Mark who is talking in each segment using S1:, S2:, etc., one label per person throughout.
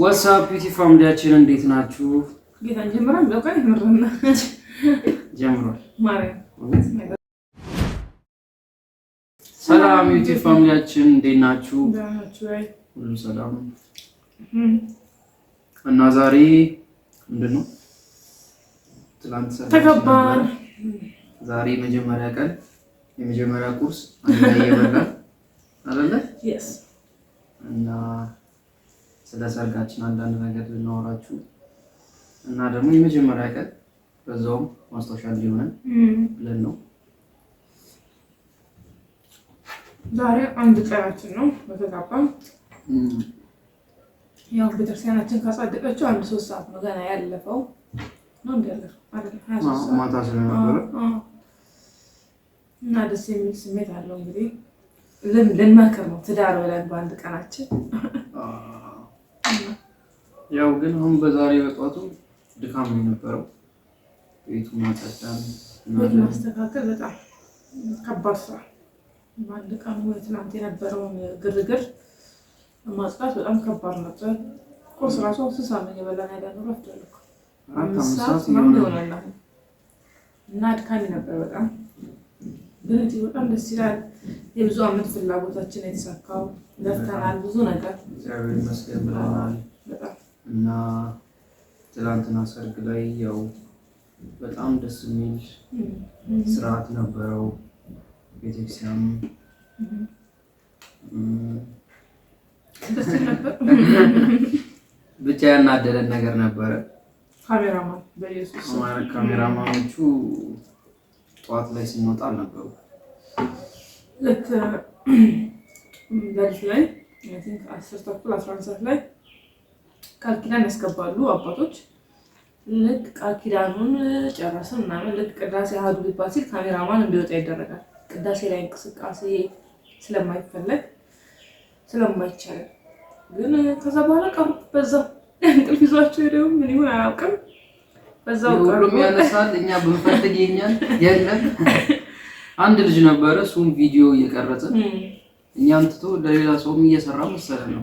S1: ዋትስአፕ ዩቲ ፋሚሊያችን እንዴት ናችሁ?
S2: ጌታን ጀምራል ለቃ ቀን ይምርና
S1: ጀምሯል። ሰላም ዩቲ ፋሚሊያችን እንዴት ናችሁ? ሁሉ ሰላም እና ዛሬ ምንድን ነው ትናንት ተከባር ዛሬ የመጀመሪያ ቀን የመጀመሪያ ቁርስ አንድ ላይ እየበላን አይደለ እና ስለ ሰርጋችን አንዳንድ ነገር ልናወራችሁ እና ደግሞ የመጀመሪያ ቀን በዛውም ማስታወሻ እንዲሆነን ብለን ነው።
S2: ዛሬ አንድ ቀናችን ነው በተጋባን። ያው ቤተክርስቲያናችን ካጸደቀችው አንድ ሶስት ሰዓት ነው ገና ያለፈው ነው
S1: ማታ ስለነበረ
S2: እና ደስ የሚል ስሜት አለው። እንግዲህ ልንመክር ነው ትዳር ብለን በአንድ ቀናችን
S1: ያው ግን አሁን በዛሬ በጠዋቱ ድካም ነው የነበረው። ቤቱ ማጸዳም
S2: ማስተካከል በጣም ከባድ ስራ በአንድ ቀን ወይ ትናንት የነበረውን ግርግር ማጽዳት በጣም ከባድ ነበር። ቁርስ ራሱ ስሳ ምን የበላን ያዳኑሮ አትደልኩ ምሳት ምናምን እና አድካሚ ነበር በጣም ግን በጣም ደስ ይላል። የብዙ አመት ፍላጎታችን የተሳካው ለፍተናል፣ ብዙ ነገር
S1: እግዚአብሔር ይመስገን ብለናል። እና ትላንትና ሰርግ ላይ ያው በጣም ደስ የሚል ስርዓት ነበረው። ቤተክርስቲያኑ ብቻ ያናደደን ነገር ነበረ። ካሜራማኖቹ ጠዋት ላይ ስንወጣ አልነበሩ
S2: ላይ ቃል ኪዳን ያስገባሉ አባቶች። ልክ ቃል ኪዳኑን ጨረስን ምናምን ልክ ቅዳሴ አህዱ ሊባል ሲል ካሜራማን እንዲወጣ ይደረጋል። ቅዳሴ ላይ እንቅስቃሴ ስለማይፈለግ ስለማይቻል ግን ከዛ በኋላ ቀሩ በዛው እንቅልፍ ይዟቸው ሄደው ምን ይሁን አያውቅም።
S1: በዛው ሁሉም ያነሳል። እኛ ብንፈልግ የኛል የለም። አንድ ልጅ ነበረ እሱም ቪዲዮ እየቀረጸ እኛን ትቶ ለሌላ ሰውም እየሰራ መሰለ ነው።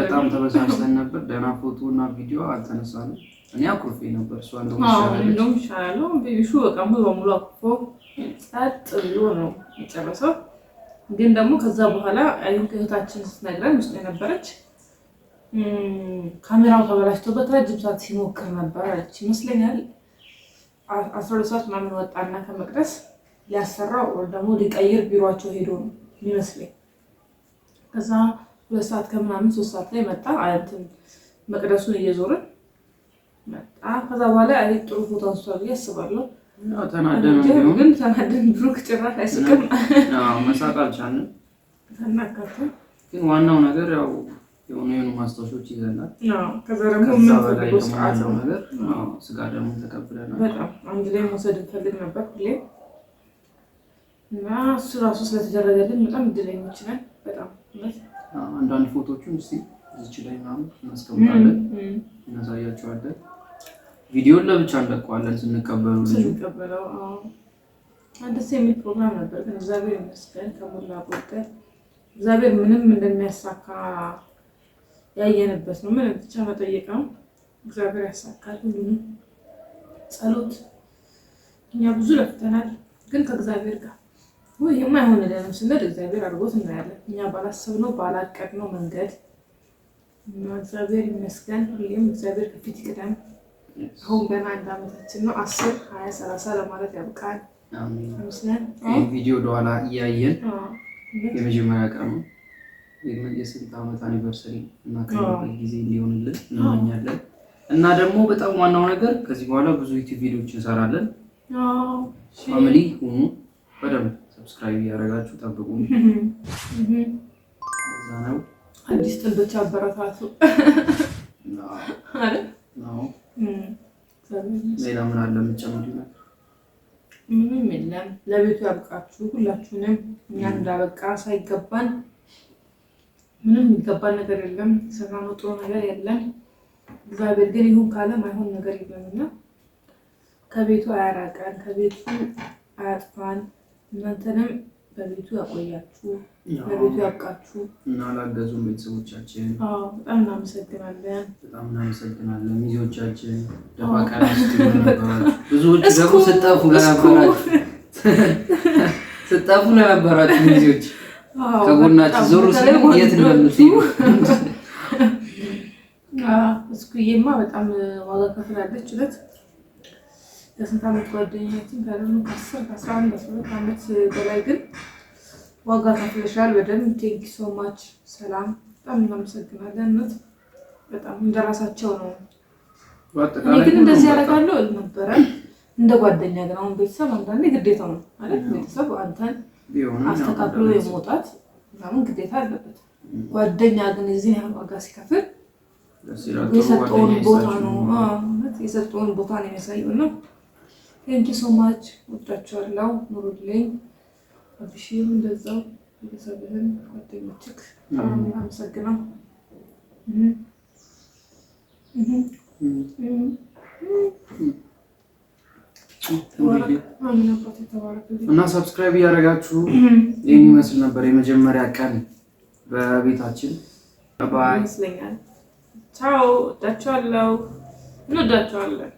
S1: በጣም ተበሳስተን ነበር። ደህና ፎቶ እና ቪዲዮ አልተነሳንም። እኔ አኩርፌ ነበር። እሷ
S2: እንደውም ይሻላለው ሹ በቃ ሙሉ በሙሉ አኩርፎ ጸጥ ብሎ ነው የጨረሰው። ግን ደግሞ ከዛ በኋላ እህታችን ስትነግረን ውስጥ የነበረች ካሜራው ተበላሽቶበት ረጅም ሰዓት ሲሞክር ነበር አለች ይመስለኛል። አስራ ሁለት ሰዓት ምናምን ወጣና ከመቅደስ ሊያሰራው ደግሞ ሊቀይር ቢሯቸው ሄዶ ነው ይመስለኝ። ከዛ ሁለት ሰዓት ከምናምን ሶስት ሰዓት ላይ መጣ እንትን መቅደሱን እየዞርን መጣ። ከዛ በኋላ አይ ጥሩ ፎቶ አንስቷል ብዬ አስባለሁ። ግን ተናደን ብሩክ ጭራሽ አይስቅም፣
S1: መሳቅ አልቻልንም።
S2: ተናካትም
S1: ግን ዋናው ነገር ያው የሆኑ የሆኑ ማስታወሻዎች ይዘናል።
S2: ከዛ ደግሞ ምንፈልገው
S1: ስጋ ደግሞ ተቀብለናል።
S2: በጣም አንድ ላይ መውሰድ እንፈልግ ነበር ሁሌ እና እሱ ራሱ ስለተደረገልን በጣም እድለኞች ነን። በጣም
S1: አንዳንድ ፎቶዎቹን እስኪ እዚች ላይ ምናምን እናስቀምጣለን፣ እናሳያቸዋለን። ቪዲዮን ለብቻ እንለቀዋለን ስንቀበሉ
S2: ስንቀበለው። ደስ የሚል ፕሮግራም ነበር፣ ግን እግዚአብሔር ይመስገን ከሞላ ጎደል እግዚአብሔር ምንም እንደሚያሳካ ያየንበት ነው። ምን ብቻ መጠየቅ ነው። እግዚአብሔር ያሳካል ሁሉንም ጸሎት። እኛ ብዙ ለፍተናል፣ ግን ከእግዚአብሔር ጋር ወይ የማይሆንልንም ስንል እግዚአብሔር አድርጎት እናያለን። እኛ ባላሰብነው ባላቀድነው መንገድ እግዚአብሔር ይመስገን። ሁሌም እግዚአብሔር ከፊት ይቅደም። አሁን ገና አንድ ዓመታችን ነው። አስር ሀያ ሰላሳ ለማለት ያብቃል
S1: ይመስለን። ቪዲዮ ወደኋላ እያየን የመጀመሪያ ቀኑ የስንት ዓመት አኒቨርሰሪ እና ጊዜ እንዲሆንልን እንመኛለን። እና ደግሞ በጣም ዋናው ነገር ከዚህ በኋላ ብዙ ዩቲዩብ ቪዲዮዎች እንሰራለን። ፋሚሊ ሁኑ ሰብስክራይብ እያደረጋችሁ ጠብቁ። እዛ
S2: ነው አዲስ ጥንዶች አበረታቱ።
S1: ሌላ ምን አለ የምትጨምሩ?
S2: ምንም የለም። ለቤቱ ያብቃችሁ ሁላችሁንም። እኛ እንዳበቃ ሳይገባን ምንም የሚገባን ነገር የለም። ሰራነው ጥሩ ነገር የለም። እግዚአብሔር ግን ይሁን ካለ ማይሆን ነገር የለምና ከቤቱ አያራቀን፣ ከቤቱ አያጥፋን። እናንተንም በቤቱ ያቆያችሁ በቤቱ ያብቃችሁ
S1: እና ላገዙን ቤተሰቦቻችን
S2: በጣም እናመሰግናለን።
S1: በጣም እናመሰግናለን። ሚዜዎቻችን ብዙዎች ደግሞ ስጠፉ ለነበራችሁ ስጠፉ ለነበራችሁ ሚዜዎች ከጎናችሁ ዞሩ ስለ የት እንደምትዩ
S2: እስኩዬማ በጣም ዋጋ ከፍላለች ለት ከስንት ዓመት ጓደኛችን ከደግሞ ከአስር ከአስራ አንድ አስራ ሁለት ዓመት በላይ ግን ዋጋ ከፍለሻል። በደንብ ቴንኪ ማች ሰላም፣ በጣም እናመሰግናለን። ነት በጣም እንደራሳቸው ነው። እኔ ግን እንደዚህ ያደርጋለሁ ነበረ እንደ ጓደኛ ግን፣ አሁን ቤተሰብ አንዳንዴ ግዴታ ነው ማለት ቤተሰብ አንተን አስተካክሎ የመውጣት ምናምን ግዴታ አለበት። ጓደኛ ግን እዚህ ያህል ዋጋ ሲከፍል የሰጠውን ቦታ ነው የሰጠውን ቦታ ነው የሚያሳየው ነው ቴንኪ ሶ ማች ወዳችኋለሁ። ኑሩልኝ። አብሽም እንደዛው ቤተሰብህን፣ ጓደኞችህ አመሰግነው።
S1: እና ሰብስክራይብ እያደረጋችሁ ይህን ይመስል ነበር የመጀመሪያ ቀን በቤታችን ይመስለኛል።
S2: ቻው። ወዳችኋለሁ። እንወዳችኋለን።